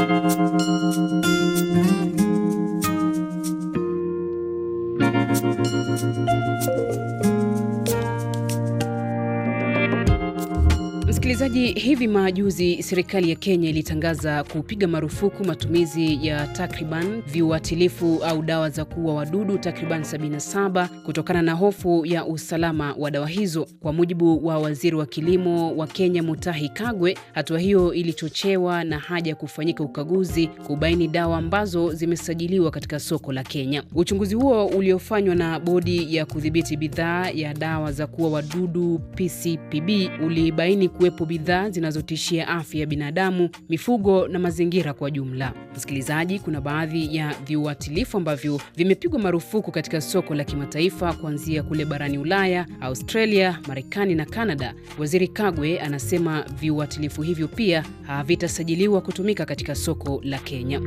Thank you. Msikilizaji, hivi majuzi serikali ya Kenya ilitangaza kupiga marufuku matumizi ya takriban viuatilifu au dawa za kuua wadudu takriban 77 kutokana na hofu ya usalama wa dawa hizo. Kwa mujibu wa waziri wa kilimo wa Kenya, Mutahi Kagwe, hatua hiyo ilichochewa na haja ya kufanyika ukaguzi kubaini dawa ambazo zimesajiliwa katika soko la Kenya. Uchunguzi huo uliofanywa na bodi ya kudhibiti bidhaa ya dawa za kuua wadudu PCPB ulibaini kuwepo ambapo bidhaa zinazotishia afya ya binadamu, mifugo na mazingira kwa jumla. Msikilizaji, kuna baadhi ya viuatilifu ambavyo vimepigwa marufuku katika soko la kimataifa kuanzia kule barani Ulaya, Australia, Marekani na Kanada. Waziri Kagwe anasema viuatilifu hivyo pia havitasajiliwa kutumika katika soko la Kenya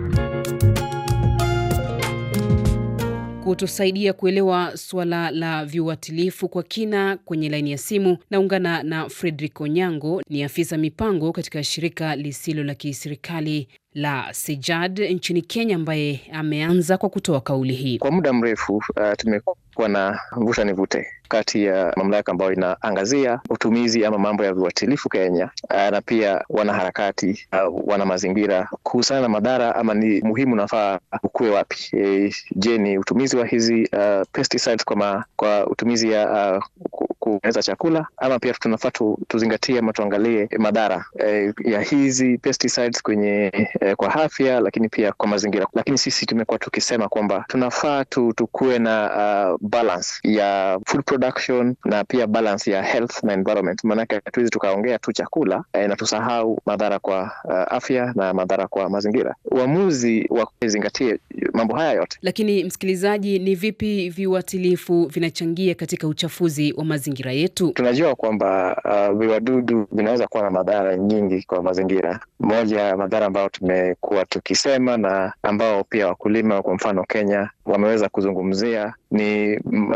kutusaidia kuelewa suala la viuatilifu kwa kina. Kwenye laini ya simu naungana na Fredrick Onyango, ni afisa mipango katika shirika lisilo la kiserikali la Sejad nchini Kenya, ambaye ameanza kwa kutoa kauli hii. Kwa muda mrefu uh, tumekuwa na vuta ni vute kati ya mamlaka ambayo inaangazia utumizi ama mambo ya viuatilifu Kenya uh, na pia wanaharakati uh, wana mazingira kuhusiana na madhara ama ni muhimu nafaa ukuwe wapi? E, je, ni utumizi wa hizi uh, pesticides kwa, ma, kwa utumizi ya uh, kueneza chakula, ama pia tunafaa tu, tuzingatie ama tuangalie madhara eh, ya hizi pesticides kwenye eh, kwa afya, lakini pia kwa mazingira. Lakini sisi tumekuwa tukisema kwamba tunafaa tu, tukuwe na uh, balance ya food production na pia balance ya health na environment, maanake hatuwezi tukaongea tu chakula eh, na tusahau madhara kwa uh, afya na madhara kwa mazingira. Uamuzi wa kuzingatie mambo haya yote. Lakini msikilizaji, ni vipi viuatilifu vinachangia katika uchafuzi wa mazingira? mazingira yetu? Tunajua kwamba uh, viwadudu vinaweza kuwa na madhara nyingi kwa mazingira. Moja ya madhara ambayo tumekuwa tukisema na ambao pia wakulima kwa mfano Kenya wameweza kuzungumzia ni,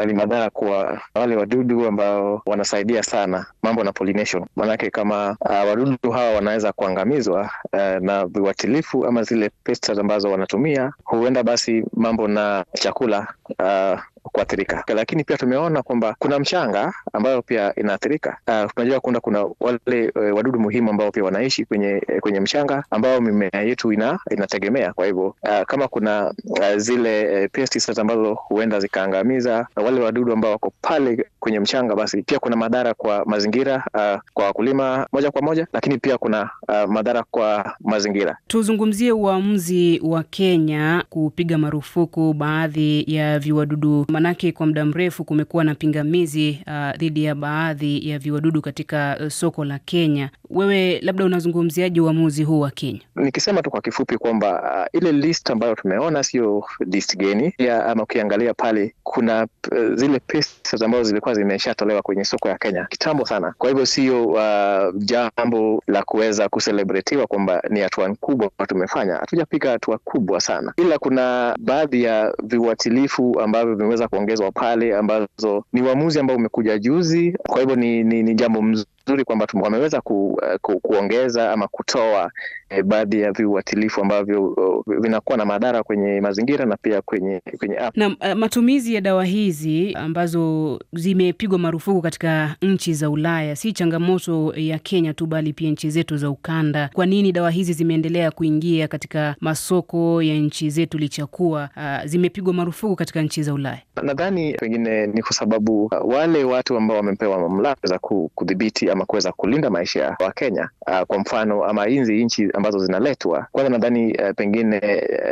ni madhara kuwa wale wadudu ambao wanasaidia sana mambo na pollination. kama uh, wadudu hawa wanaweza kuangamizwa uh, na viwatilifu ama zile pesticides ambazo wanatumia, huenda basi mambo na chakula uh, kuathirika. Lakini pia tumeona kwamba kuna mchanga ambayo pia inaathirika. Uh, ah, tunajua kuna kuna wale uh, wadudu muhimu ambao pia wanaishi kwenye eh, kwenye mchanga ambao mimea yetu ina, inategemea. Kwa hivyo uh, kama kuna uh, zile uh, pesticides ambazo huenda zikaangamiza uh, wale wadudu ambao wako pale kwenye mchanga, basi pia kuna madhara kwa mazingira uh, kwa wakulima moja kwa moja, lakini pia kuna uh, madhara kwa mazingira. Tuzungumzie uamuzi wa Kenya kupiga marufuku baadhi ya viwadudu maanake kwa muda mrefu kumekuwa na pingamizi uh, dhidi ya baadhi ya viwadudu katika uh, soko la Kenya. Wewe labda unazungumziaje uamuzi huu wa Kenya? Nikisema tu kwa kifupi kwamba uh, ile list ambayo tumeona sio list geni ya, ama ukiangalia pale kuna uh, zile pesa ambazo zilikuwa zimeshatolewa kwenye soko ya Kenya kitambo sana. Kwa hivyo sio uh, jambo la kuweza kuselebretiwa kwamba ni hatua kubwa tumefanya. Hatujapiga hatua kubwa sana, ila kuna baadhi ya viuatilifu ambavyo vimeweza kuongezwa pale, ambazo ni uamuzi ambao umekuja juzi. Kwa hivyo ni, ni, ni jambo mzuri nzuri kwamba wameweza ku, eh, ku, kuongeza ama kutoa eh, baadhi ya viuatilifu ambavyo vinakuwa na madhara kwenye mazingira na pia kwenye, kwenye na eh, matumizi ya dawa hizi ambazo zimepigwa marufuku katika nchi za Ulaya, si changamoto ya Kenya tu bali pia nchi zetu za ukanda. Kwa nini dawa hizi zimeendelea kuingia katika masoko ya nchi zetu licha kuwa uh, zimepigwa marufuku katika nchi za Ulaya? Nadhani pengine ni kwa sababu uh, wale watu ambao wamepewa mamlaka za kudhibiti ama kuweza kulinda maisha ya Wakenya. Uh, kwa mfano ama hizi nchi ambazo zinaletwa, kwanza nadhani uh, pengine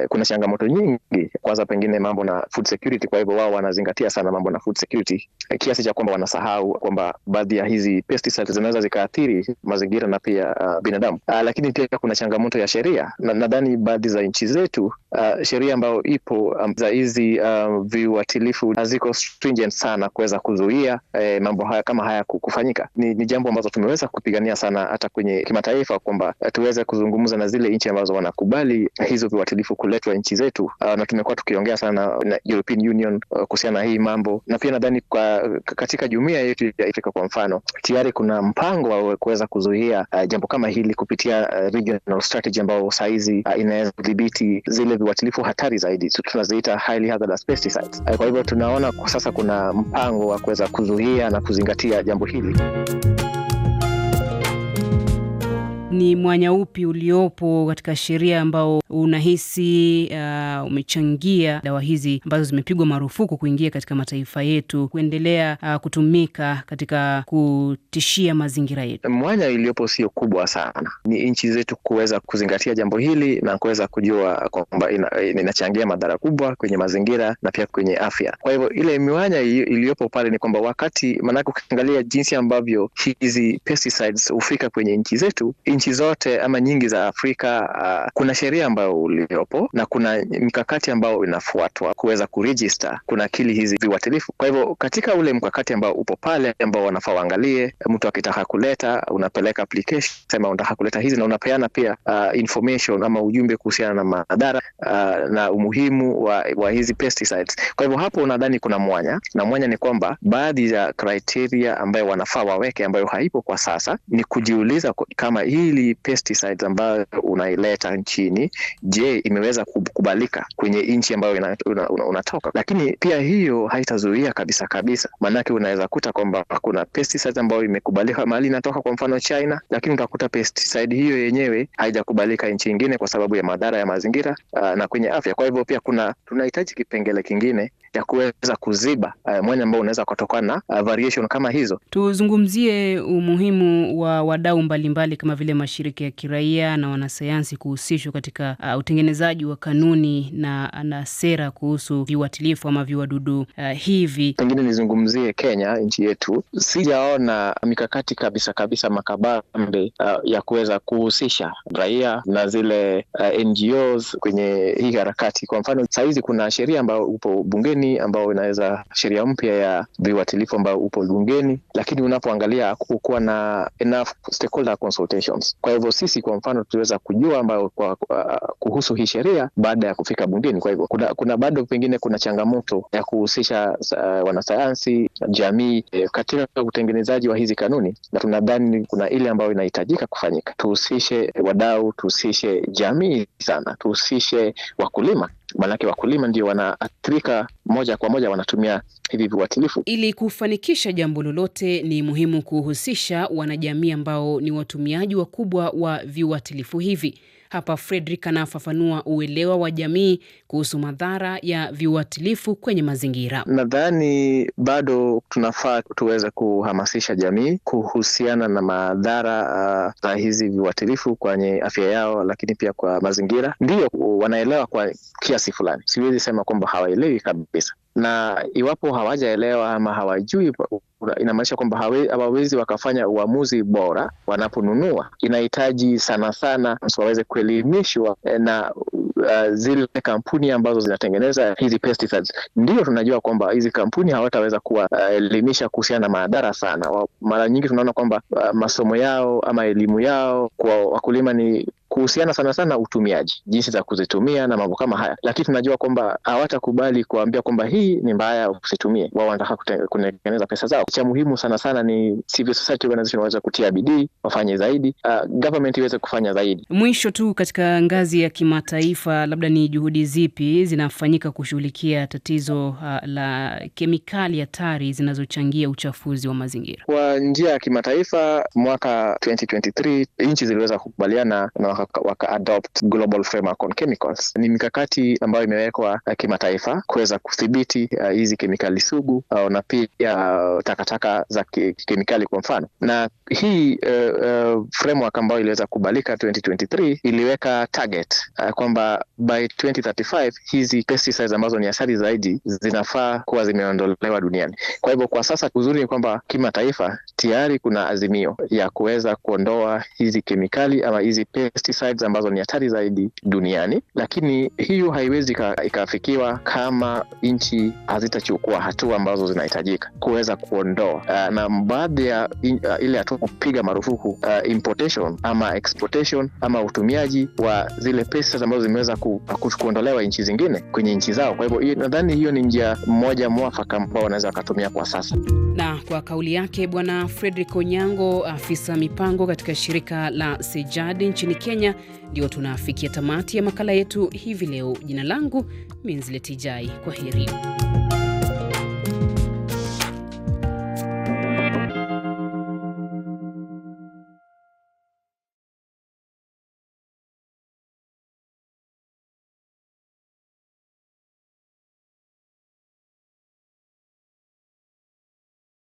uh, kuna changamoto nyingi, kwanza pengine mambo na food security. Kwa hivyo wao wanazingatia sana mambo na food security eh, kiasi cha kwamba wanasahau kwamba baadhi ya hizi pesticides zinaweza zikaathiri mazingira na pia uh, binadamu uh, lakini pia kuna changamoto ya sheria na, nadhani baadhi za nchi zetu uh, sheria ambayo ipo um, za hizi um, viuatilifu haziko stringent sana kuweza kuzuia eh, mambo haya kama haya kufanyika. Ni, ni jambo ambazo tumeweza kupigania sana hata kwenye kimataifa, kwamba eh, tuweze kuzungumza na zile nchi ambazo wanakubali eh, hizo viwatilifu kuletwa nchi zetu, ah, na tumekuwa tukiongea sana na European Union eh, kuhusiana na hii mambo, na pia nadhani katika jumuia yetu ya Afrika kwa mfano, tayari kuna mpango wa kuweza kuzuia uh, jambo kama hili kupitia uh, regional strategy ambao saizi uh, inaweza kudhibiti zile viwatilifu hatari zaidi, tunaziita highly hazardous pesticides. Uh, kwa hivyo tunaona sasa kuna mpango wa kuweza kuzuia na kuzingatia jambo hili ni mwanya upi uliopo katika sheria ambao unahisi uh, umechangia dawa hizi ambazo zimepigwa marufuku kuingia katika mataifa yetu kuendelea uh, kutumika katika kutishia mazingira yetu? Mwanya iliyopo sio kubwa sana, ni nchi zetu kuweza kuzingatia jambo hili na kuweza kujua kwamba inachangia ina madhara kubwa kwenye mazingira na pia kwenye afya. Kwa hivyo ile miwanya iliyopo pale ni kwamba wakati, maanake ukiangalia jinsi ambavyo hizi pesticides hufika kwenye nchi zetu, nchi nchi zote ama nyingi za Afrika uh, kuna sheria ambayo uliopo na kuna mkakati ambayo inafuatwa kuweza kurejista kuna akili hizi viwatilifu. Kwa hivyo katika ule mkakati ambao upo pale ambao wanafaa waangalie, mtu akitaka kuleta unapeleka application sema unataka kuleta hizi na unapeana pia uh, information ama ujumbe kuhusiana na madhara uh, na umuhimu wa, wa hizi pesticides. Kwa hivyo hapo unadhani kuna mwanya, na mwanya ni kwamba baadhi ya criteria ambayo wanafaa waweke ambayo haipo kwa sasa ni kujiuliza kama hii hili pesticides ambayo unaileta nchini, je, imeweza kukubalika kwenye nchi ambayo unatoka una, una, una? Lakini pia hiyo haitazuia kabisa kabisa, maanake unaweza kuta kwamba kuna ambayo imekubalika mahali inatoka, kwa mfano China, lakini utakuta pesticide hiyo yenyewe haijakubalika nchi ingine kwa sababu ya madhara ya mazingira uh, na kwenye afya. Kwa hivyo pia kuna tunahitaji kipengele kingine ya kuweza kuziba uh, eh, mwanya ambao unaweza kutokana na uh, variation kama hizo. Tuzungumzie umuhimu wa wadau mbalimbali kama vile mashirika ya kiraia na wanasayansi kuhusishwa katika uh, utengenezaji wa kanuni na, na sera kuhusu viuatilifu ama viwadudu uh, hivi. Pengine nizungumzie Kenya, nchi yetu, sijaona mikakati kabisa kabisa makabambe uh, ya kuweza kuhusisha raia na zile uh, NGOs kwenye hii harakati. Kwa mfano sahizi kuna sheria ambayo upo bungeni ambao inaweza sheria mpya ya viuatilifu ambayo upo bungeni, lakini unapoangalia kukuwa na enough stakeholder consultations kwa hivyo sisi kwa mfano tuliweza kujua ambayo kwa, kwa, uh, kuhusu hii sheria baada ya kufika bungeni. Kwa hivyo kuna, kuna bado pengine kuna changamoto ya kuhusisha uh, wanasayansi, jamii eh, katika utengenezaji wa hizi kanuni, na tunadhani kuna ile ambayo inahitajika kufanyika. Tuhusishe wadau, tuhusishe jamii sana, tuhusishe wakulima maanake wakulima ndio wanaathirika moja kwa moja, wanatumia hivi viwatilifu Ili kufanikisha jambo lolote, ni muhimu kuhusisha wanajamii ambao ni watumiaji wakubwa wa viwatilifu hivi. Hapa Fredrick anafafanua uelewa wa jamii kuhusu madhara ya viuatilifu kwenye mazingira. Nadhani bado tunafaa tuweze kuhamasisha jamii kuhusiana na madhara uh, za uh, hizi viuatilifu kwenye afya yao, lakini pia kwa mazingira. Ndiyo wanaelewa kwa kiasi fulani, siwezi sema kwamba hawaelewi kabisa na iwapo hawajaelewa ama hawajui, inamaanisha kwamba hawawezi wakafanya uamuzi bora wanaponunua. Inahitaji sana sana waweze kuelimishwa eh, na uh, zile kampuni ambazo zinatengeneza hizi pesticides. Ndiyo tunajua kwamba hizi kampuni hawataweza kuwaelimisha uh, kuhusiana na madhara sana. Mara nyingi tunaona kwamba uh, masomo yao ama elimu yao kwa wakulima ni kuhusiana sana sana utumiaji, jinsi za kuzitumia na mambo kama haya, lakini tunajua kwamba hawatakubali kuambia kwamba hii ni mbaya usitumie. Wao wanataka kutengeneza pesa zao. Cha muhimu sana sana ni civil society organization waweze kutia bidii, wafanye zaidi, uh, government iweze kufanya zaidi. Mwisho tu, katika ngazi ya kimataifa, labda ni juhudi zipi zinafanyika kushughulikia tatizo uh, la kemikali hatari zinazochangia uchafuzi wa mazingira? Kwa njia ya kimataifa, mwaka 2023 nchi ziliweza kukubaliana na waka, waka adopt global framework on chemicals. Ni mikakati ambayo imewekwa uh, kimataifa kuweza kudhibiti uh, hizi uh, kemikali sugu uh, na pia uh, takataka za kemikali kwa mfano, na hii uh, uh, framework ambayo iliweza kukubalika 2023 iliweka target uh, kwamba by 2035 hizi pesticides ambazo ni hatari zaidi zinafaa kuwa zimeondolewa duniani. Kwa hivyo kwa sasa uzuri ni kwamba kimataifa tayari kuna azimio ya kuweza kuondoa hizi kemikali ama hizi pesticides ambazo ni hatari zaidi duniani, lakini hiyo haiwezi ikafikiwa kama nchi hazitachukua hatua ambazo zinahitajika kuweza kuondoa uh, na baadhi ya uh, ile hatua kupiga marufuku uh, importation ama exportation ama utumiaji wa zile pesticides ambazo zimeweza ku, kuondolewa nchi zingine kwenye nchi zao. Kwa hivyo nadhani hiyo ni njia mmoja mwafaka ambao wanaweza wakatumia kwa sasa. Na kwa kauli yake Bwana Fredrick Onyango, afisa mipango katika shirika la Sejadi nchini Kenya Kenya, ndio tunaafikia tamati ya makala yetu hivi leo. Jina langu Minzletijai, kwa heri.